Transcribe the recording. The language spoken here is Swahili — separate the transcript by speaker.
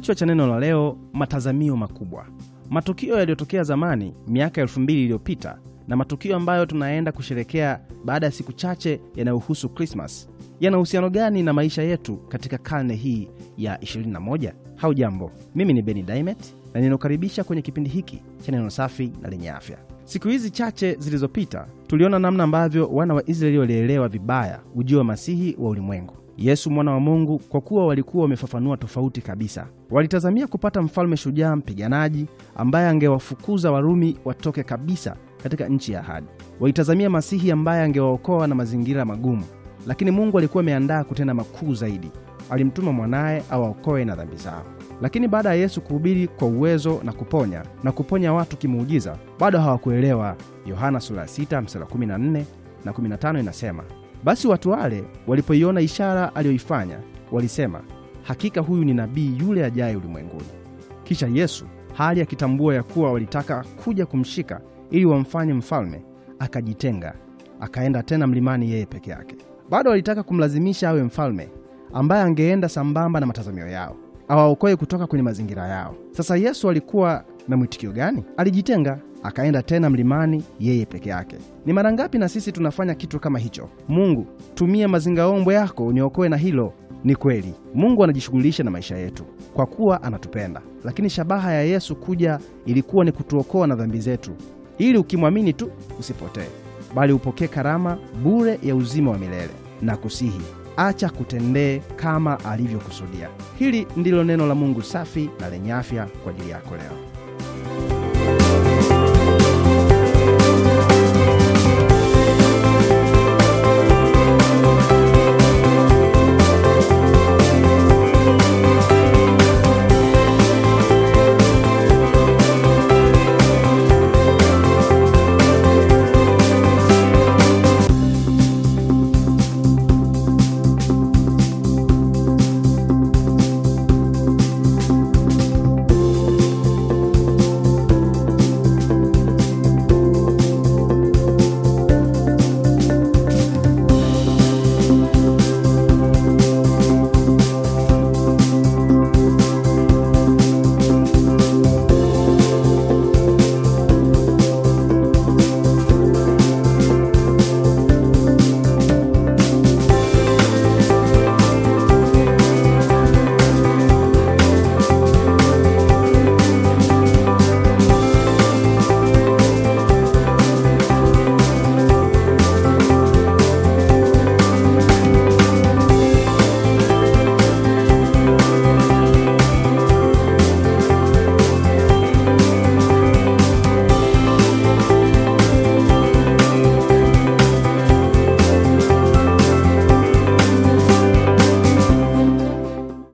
Speaker 1: Kichwa cha neno la leo: matazamio makubwa. Matukio yaliyotokea zamani, miaka elfu mbili iliyopita na matukio ambayo tunaenda kusherekea baada ya siku chache yanayohusu Krismas yana uhusiano gani na maisha yetu katika karne hii ya 21? hau jambo mimi ni Beni Daimet na ninakukaribisha kwenye kipindi hiki cha neno safi na lenye afya. Siku hizi chache zilizopita tuliona namna ambavyo wana wa Israeli walielewa vibaya ujio wa Masihi wa ulimwengu. Yesu mwana wa Mungu, kwa kuwa walikuwa wamefafanua tofauti kabisa. Walitazamia kupata mfalme shujaa, mpiganaji ambaye angewafukuza Warumi watoke kabisa katika nchi ya ahadi. Walitazamia Masihi ambaye angewaokoa na mazingira magumu, lakini Mungu alikuwa ameandaa kutenda makuu zaidi. Alimtuma mwanaye awaokoe na dhambi zao. Lakini baada ya Yesu kuhubiri kwa uwezo na kuponya na kuponya watu kimuujiza, bado hawakuelewa. Yohana sura 6 mstari 14 na 15 inasema basi watu wale walipoiona ishara aliyoifanya walisema, hakika huyu ni nabii yule ajaye ulimwenguni. Kisha Yesu, hali akitambua ya kuwa walitaka kuja kumshika ili wamfanye mfalme, akajitenga akaenda tena mlimani yeye peke yake. Bado walitaka kumlazimisha awe mfalme ambaye angeenda sambamba na matazamio yao awaokoe kutoka kwenye mazingira yao. Sasa Yesu alikuwa na mwitikio gani? Alijitenga, akaenda tena mlimani yeye peke yake. Ni mara ngapi na sisi tunafanya kitu kama hicho? Mungu, tumia mazingaombwe yako uniokoe na hilo. Ni kweli Mungu anajishughulisha na maisha yetu kwa kuwa anatupenda, lakini shabaha ya Yesu kuja ilikuwa ni kutuokoa na dhambi zetu, ili ukimwamini tu usipotee, bali upokee karama bure ya uzima wa milele. Na kusihi acha kutendee kama alivyokusudia. Hili ndilo neno la Mungu safi na lenye afya kwa ajili yako leo.